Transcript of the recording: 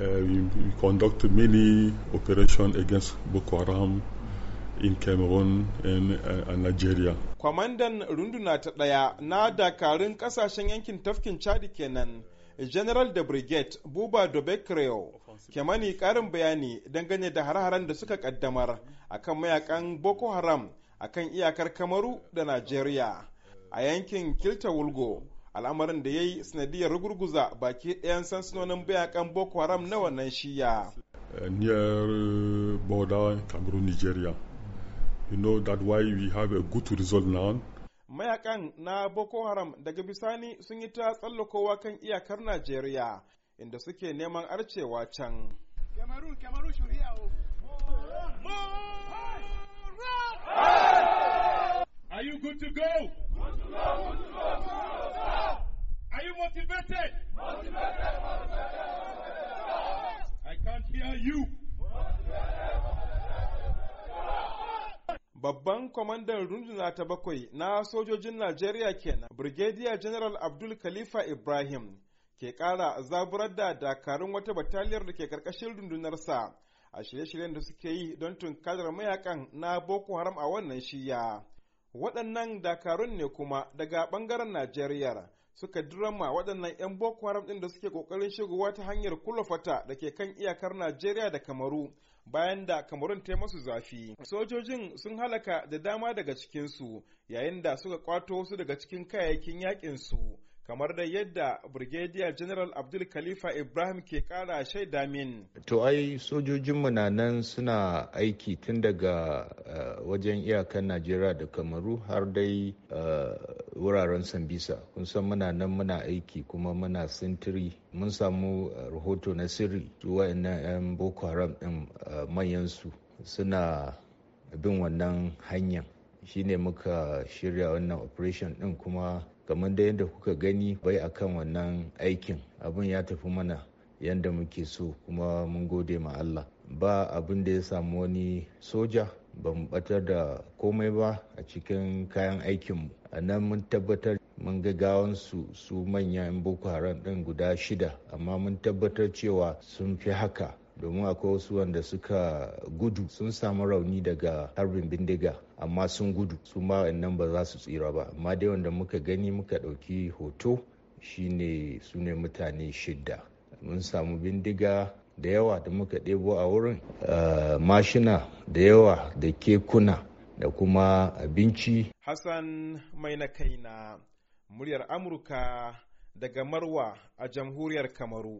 Uh, we, we conduct many operations against Boko Haram in Cameroon and, uh, Nigeria. Kwamandan runduna ta ɗaya na dakarun ƙasashen yankin tafkin Chadi kenan. General da Brigade Buba dobekreo ke mani ƙarin bayani dangane da har-haren da suka ƙaddamar akan mayakan Boko Haram akan iyakar Kamaru da Najeriya a yankin Kilta Wulgo al'amarin da ya yi sanadiyar rugurguza baki ɗayan sansunonin bayakan boko haram na wannan shiya eh, near eh, border cameroon nigeria you know that why we have a good result now mayakan na boko haram daga bisani sun yi ta tsallakowa kan iyakar najeriya inda suke neman arcewa can oh. Are you good to go? Good to go. motivated. I can't hear you. Babban kwamandan runduna ta bakwai na sojojin Najeriya kenan, Brigadier General Abdul Khalifa Ibrahim ke ƙara zaburar da dakarun wata bataliyar da ke ƙarƙashin rundunarsa a shirye-shiryen da suke yi don tunkarar mayakan na Boko Haram a wannan shiya. Waɗannan dakarun ne kuma daga ɓangaren Najeriya suka dirama waɗannan 'yan boko haram ɗin da suke ƙoƙarin shigowa ta hanyar kulafata da ke kan iyakar najeriya da kamaru bayan da kamarun ta masu zafi sojojin sun halaka da dama daga cikinsu yayin da suka kwato wasu daga cikin kayayyakin yaƙinsu kamar da yadda Brigadier General Abdul Khalifa Ibrahim ke kara shaida min. To ai sojojinmu na nan suna aiki tun daga eh, wajen iyakan Najeriya da Kamaru har dai eh, wuraren Sambisa. Kun san muna nan muna aiki kuma muna sintiri. Mun samu eh, rahoto na sirri zuwa 'yan Boko Haram ɗin um, manyansu suna bin wannan hanyar. shine muka shirya wannan operation din kuma kamar da yadda kuka gani bai akan wannan aikin abin ya tafi mana yadda muke so kuma mun gode ma Allah ba abin da ya samu wani soja ba mu batar da komai ba a cikin kayan aikinmu a nan mun tabbatar mun ga su su manyan boko haram ɗin guda shida amma mun tabbatar cewa sun fi haka domin akwai wasu wanda suka gudu sun samu rauni daga harbin bindiga amma sun gudu su ma nan ba za su tsira ba amma dai wanda muka gani muka ɗauki hoto shine su ne mutane shidda mun samu bindiga da yawa da muka ɗebo a wurin eh, mashina da yawa da kekuna da kuma abinci hassan mai na kai na muryar amurka daga marwa a jamhuriyar kamaru